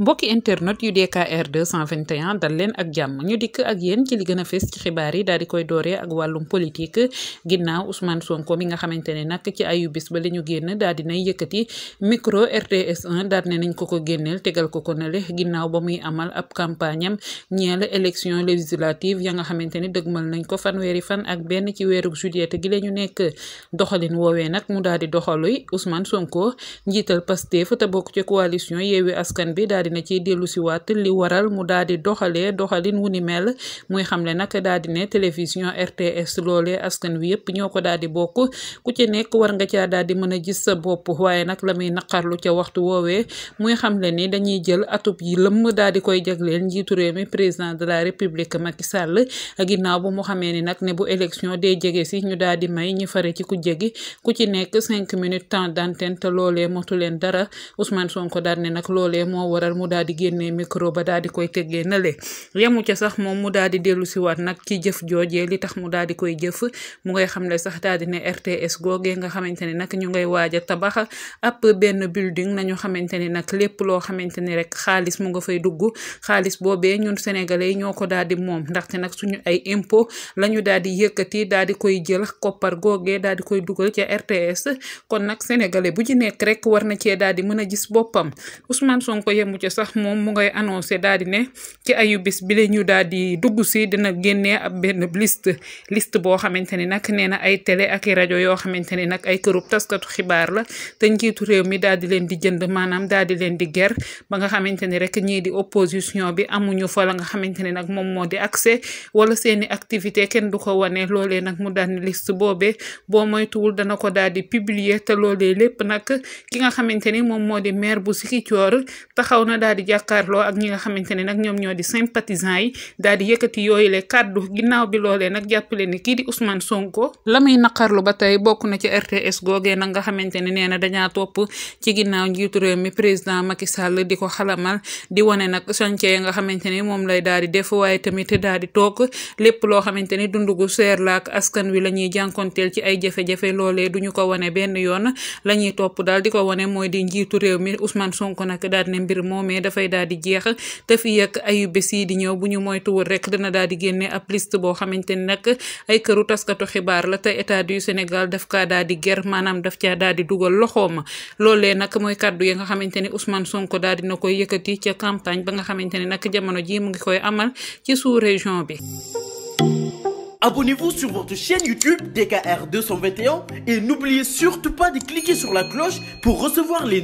mbokki internet yu DKR 221 dal leen ak jàmm ñu dikk ak yéen ci li gën a fes ci xibaar yi daal di koy dooree ak wàllum politique ginnaaw Ousmane Sonko mi nga xamante ne nag ci ayu bis ba ñu génn daal di nay yëkkati micro RTS 1 daal ne nañ ko ko génneel tegal ko ko nale ginnaaw ba muy amal ab campagne am ñeel élection législative ya nga xamante ne dëgmal nañ ko fanweeri fan ak benn ci weeru juillet gi la ñu nekk doxalin woowee nag mu daal di doxaluy Ousmane Sonko njiital Pastef te bokk ci coalition Yewwi Askan bi daal dina ciy dellu siwaat li waral mu daal doxalee doxalin wu ni mel muy xamle nag daal di ne télévision RTS loolee askan wi yëpp ñoo ko daal di bokk ku ci nekk war nga caa daal di mën a gis sa bopp waaye nag la muy naqarlu ca waxtu woowee muy xamle ni dañuy jël atub yi lëmm daal di koy jagleel njiitu réew mi président de la république Macky Sall ginnaaw bu mu xamee ni nag ne bu élection de jege si ñu daal di may ñi fare ci ku jegi ku ci nekk cinq minutes temps d'antenne te loolee motu leen dara mu daal di génnee micro ba daal di koy teggee na le yemu ca sax moom mu daal di dellu siwaat nag ci jëf joojee li tax mu daal di koy jëf mu ngay xam ne sax daal di ne RTS googee nga xamante ne nag ñu ngay waaj a tabax ab benn building nañu xamante ne nag lépp loo xamante ni rek xaalis mu nga fay dugg xaalis boobee ñun sénégalais ñoo ko daal di moom ndaxte nag suñu ay impôt la ñu daal di yëkkati daal di koy jël koppar googee daal di koy dugal ca RTS kon nag sénégalais bu ci nekk rek war na cee daal di mën a gis boppam sax moom mu ngay annoncé daal di ne ci ayu bis bi la ñu daal di dugg si dina génnee ab benn liste liste boo xamante ni nag nee na ay télé ak i rajo yoo xamante ni nag ay këru taskatu xibaar la te njiitu réew mi daal di leen di jënd maanaam daal di leen di ger ba nga xamante ni rek ñii di opposition bi amuñu fa la nga xamante ni nag moom moo di accès wala seeni activité kenn du ko wane loolee nag mu daal list liste boobee boo moytuwul dana ko daal di publier te loolee lépp nag ki nga xamante ni moom moo di maire bu Ziguinchor daal di jàkkaarloo ak ñi nga xamante ne nag ñoom ñoo di sympathisants yi daal di yëkkati yooyu le kàddu ginnaaw bi loolee nag jàppale ni kii di Ousmane Sonko la muy naqarlu ba tey bokk na ci RTS googee nga xamante ne nee na dañaa topp ci ginnaaw njiitu réew mi président Macky Sall di ko xalamal di wane nag chantier nga xamante ne moom lay daal di def waaye tamit daal di toog lépp loo xamante ne dund gu seer la ak askan wi la ñuy jànkonteel ci ay jafe-jafe loolee ko wane benn yoon ne mbir moom amee dafay daal di jeex te fii ak ayu bés yi di ñëw bu ñu moytuwul rek dana daal di génne ab liste boo xamante ni nag ay këru taskatu xibaar la te état du Sénégal daf kaa daal di ger maanaam daf caa daal di dugal loxoom loolee nag mooy kàddu yi nga xamante ni Ousmane Sonko di na koy yëkkati ca campagne ba nga xamante ni nag jamono jii mu ngi koy amal ci sous-région bi. Abonnez-vous sur votre chaîne YouTube DKR 221 et n'oubliez surtout pas de cliquer sur la cloche pour recevoir les